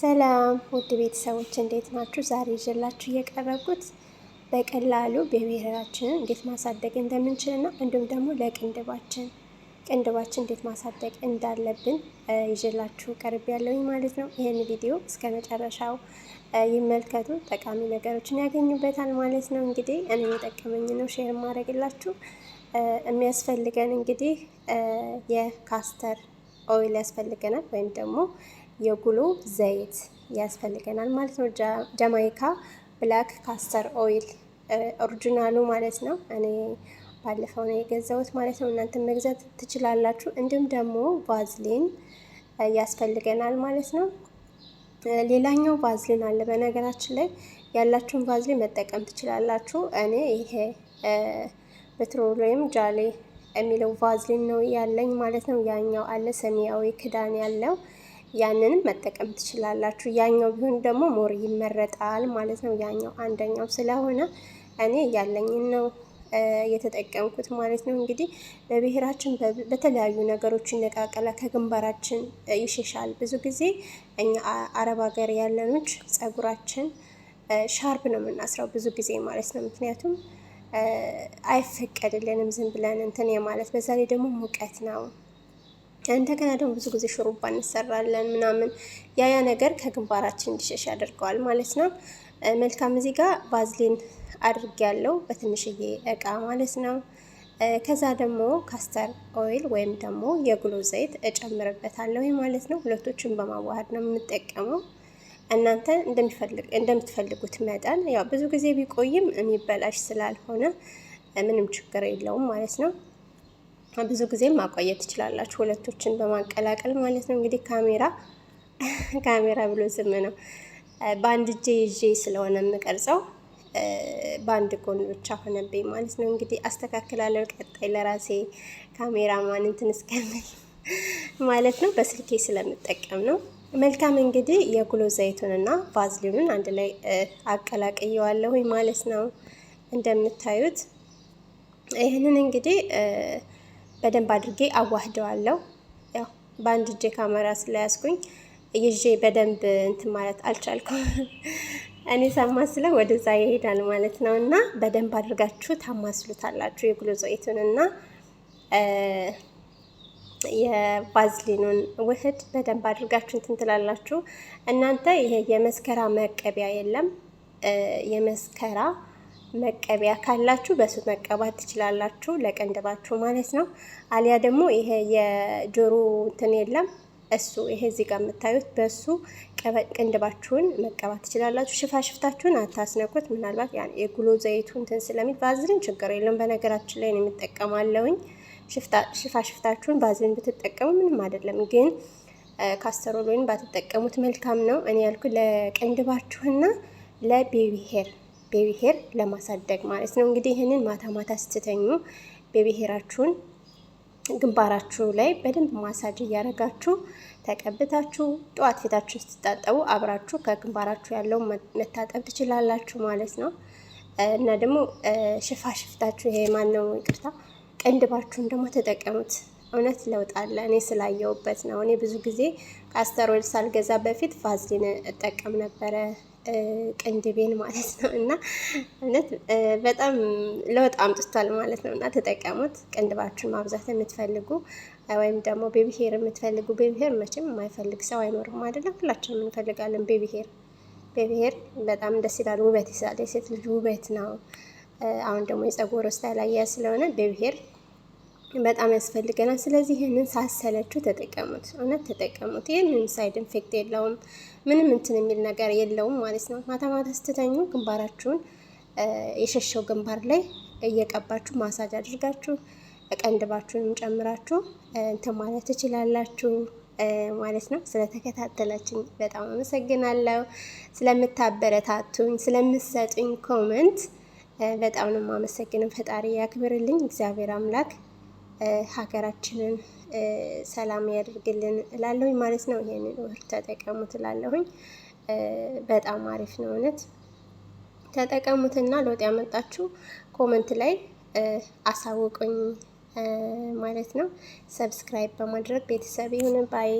ሰላም ውድ ቤተሰቦች እንዴት ናችሁ? ዛሬ ይዤላችሁ እየቀረብኩት በቀላሉ ብሔራችንን እንዴት ማሳደግ እንደምንችልና እንዲሁም ደግሞ ለቅንድባችን ቅንድባችን እንዴት ማሳደግ እንዳለብን ይዤላችሁ ቀርብ ያለውኝ ማለት ነው። ይህን ቪዲዮ እስከ መጨረሻው ይመልከቱ፣ ጠቃሚ ነገሮችን ያገኙበታል ማለት ነው። እንግዲህ እኔ የጠቀመኝ ነው ሼር ማድረግላችሁ። የሚያስፈልገን እንግዲህ የካስተር ኦይል ያስፈልገናል ወይም ደግሞ የጉሎ ዘይት ያስፈልገናል ማለት ነው። ጃማይካ ብላክ ካስተር ኦይል ኦሪጂናሉ ማለት ነው። እኔ ባለፈው ነው የገዛሁት ማለት ነው። እናንተ መግዛት ትችላላችሁ። እንዲሁም ደግሞ ቫዝሊን ያስፈልገናል ማለት ነው። ሌላኛው ቫዝሊን አለ። በነገራችን ላይ ያላችሁን ቫዝሊን መጠቀም ትችላላችሁ። እኔ ይሄ ወይም ጃሌ የሚለው ቫዝሊን ነው ያለኝ ማለት ነው። ያኛው አለ ሰማያዊ ክዳን ያለው ያንንም መጠቀም ትችላላችሁ። ያኛው ቢሆን ደግሞ ሞር ይመረጣል ማለት ነው። ያኛው አንደኛው ስለሆነ እኔ ያለኝን ነው የተጠቀምኩት ማለት ነው። እንግዲህ በብሔራችን በተለያዩ ነገሮች ይነቃቀላል፣ ከግንባራችን ይሸሻል። ብዙ ጊዜ እኛ አረብ ሀገር ያለኖች ጸጉራችን ሻርፕ ነው የምናስራው ብዙ ጊዜ ማለት ነው። ምክንያቱም አይፈቀድልንም ዝም ብለን እንትን የማለት በዛ ላይ ደግሞ ሙቀት ነው እንደገና ደግሞ ብዙ ጊዜ ሹሩባ እንሰራለን ምናምን ያያ ነገር ከግንባራችን እንዲሸሽ ያደርገዋል ማለት ነው። መልካም እዚህ ጋር ቫዝሊን አድርግ ያለው በትንሽዬ እቃ ማለት ነው። ከዛ ደግሞ ካስተር ኦይል ወይም ደግሞ የጉሎ ዘይት እጨምርበታለሁ ማለት ነው። ሁለቶችን በማዋሃድ ነው የምጠቀመው። እናንተ እንደምትፈልጉት መጠን ያው ብዙ ጊዜ ቢቆይም የሚበላሽ ስላልሆነ ምንም ችግር የለውም ማለት ነው። ብዙ ጊዜ ማቆየት ትችላላችሁ። ሁለቶችን በማቀላቀል ማለት ነው። እንግዲህ ካሜራ ካሜራ ብሎ ስም ነው። በአንድ እጄ ይዤ ስለሆነ የምቀርጸው በአንድ ጎን ብቻ ሆነብኝ ማለት ነው። እንግዲህ አስተካክላለሁ። ቀጣይ ለራሴ ካሜራማን እንትን እስከምል ማለት ነው። በስልኬ ስለምጠቀም ነው። መልካም እንግዲህ የጉሎ ዘይቱንና ቫዝሊኑን አንድ ላይ አቀላቅየዋለሁኝ ማለት ነው። እንደምታዩት ይህንን እንግዲህ በደንብ አድርጌ አዋህደዋለሁ። ያው በአንድ እጄ ካሜራ ስለያዝኩኝ ይዤ በደንብ እንትን ማለት አልቻልኩም። እኔ ሳማስለው ወደዛ ይሄዳል ማለት ነው። እና በደንብ አድርጋችሁ ታማስሉታላችሁ የጉልዞ ኢቱንና የቫዝሊኑን ውህድ በደንብ አድርጋችሁ እንትን ትላላችሁ። እናንተ ይሄ የመስከራ መቀቢያ የለም የመስከራ መቀቢያ ካላችሁ በሱ መቀባት ትችላላችሁ፣ ለቀንድባችሁ ማለት ነው። አሊያ ደግሞ ይሄ የጆሮ እንትን የለም እሱ ይሄ እዚህ ጋር የምታዩት በሱ ቅንድባችሁን መቀባት ትችላላችሁ። ሽፋሽፍታችሁን አታስነኩት። ምናልባት የጉሎ ዘይቱ እንትን ስለሚል ባዝሊን ችግር የለም። በነገራችን ላይ ነው የምጠቀማለውኝ። ሽፋሽፍታችሁን ባዝሊን ብትጠቀሙ ምንም አይደለም፣ ግን ካስተሮል ወይም ባትጠቀሙት መልካም ነው። እኔ ያልኩ ለቅንድባችሁና ለቤቢ ሄር ቤቢ ሄር ለማሳደግ ማለት ነው። እንግዲህ ይህንን ማታ ማታ ስትተኙ ቤቢ ሄራችሁን ግንባራችሁ ላይ በደንብ ማሳጅ እያደረጋችሁ ተቀብታችሁ ጠዋት ፊታችሁን ስትታጠቡ አብራችሁ ከግንባራችሁ ያለው መታጠብ ትችላላችሁ ማለት ነው። እና ደግሞ ሽፋሽፍታችሁ ይሄ ነው ይቅርታ፣ ቅንድባችሁን ደግሞ ተጠቀሙት። እውነት ለውጥ አለ። እኔ ስላየውበት ነው። እኔ ብዙ ጊዜ ካስተር ኦይል ሳልገዛ በፊት ቫዝሊን እጠቀም ነበረ። ቅንድቤን ማለት ነው። እና እውነት በጣም ለውጥ አምጥቷል ማለት ነው። እና ተጠቀሙት። ቅንድባችሁን ማብዛት የምትፈልጉ ወይም ደግሞ ቤቢ ሄር የምትፈልጉ ቤቢ ሄር መቼም የማይፈልግ ሰው አይኖርም አይደለም። ሁላችንም እንፈልጋለን ቤቢ ሄር። ቤቢ ሄር በጣም ደስ ይላል፣ ውበት ይሳል። የሴት ልጅ ውበት ነው። አሁን ደግሞ የፀጉር ስታይል አያያዝ ስለሆነ ቤቢ ሄር በጣም ያስፈልገናል። ስለዚህ ይህንን ሳሰለችሁ ተጠቀሙት፣ እውነት ተጠቀሙት። ይህንን ሳይድ ኢንፌክት የለውም ምንም እንትን የሚል ነገር የለውም ማለት ነው። ማታ ማታ ስትተኙ ግንባራችሁን የሸሸው ግንባር ላይ እየቀባችሁ ማሳጅ አድርጋችሁ ቀንድባችሁንም ጨምራችሁ እንትን ማለት ትችላላችሁ ማለት ነው። ስለተከታተላችን በጣም አመሰግናለሁ። ስለምታበረታቱኝ፣ ስለምሰጡኝ ኮመንት በጣም ነው የማመሰግነው። ፈጣሪ ያክብርልኝ እግዚአብሔር አምላክ ሀገራችንን ሰላም ያደርግልን እላለሁኝ ማለት ነው። ይሄንን ውህር ተጠቀሙት እላለሁኝ። በጣም አሪፍ ነው እውነት ተጠቀሙትና ለውጥ ያመጣችሁ ኮመንት ላይ አሳውቁኝ ማለት ነው። ሰብስክራይብ በማድረግ ቤተሰብ ይሁን ባይ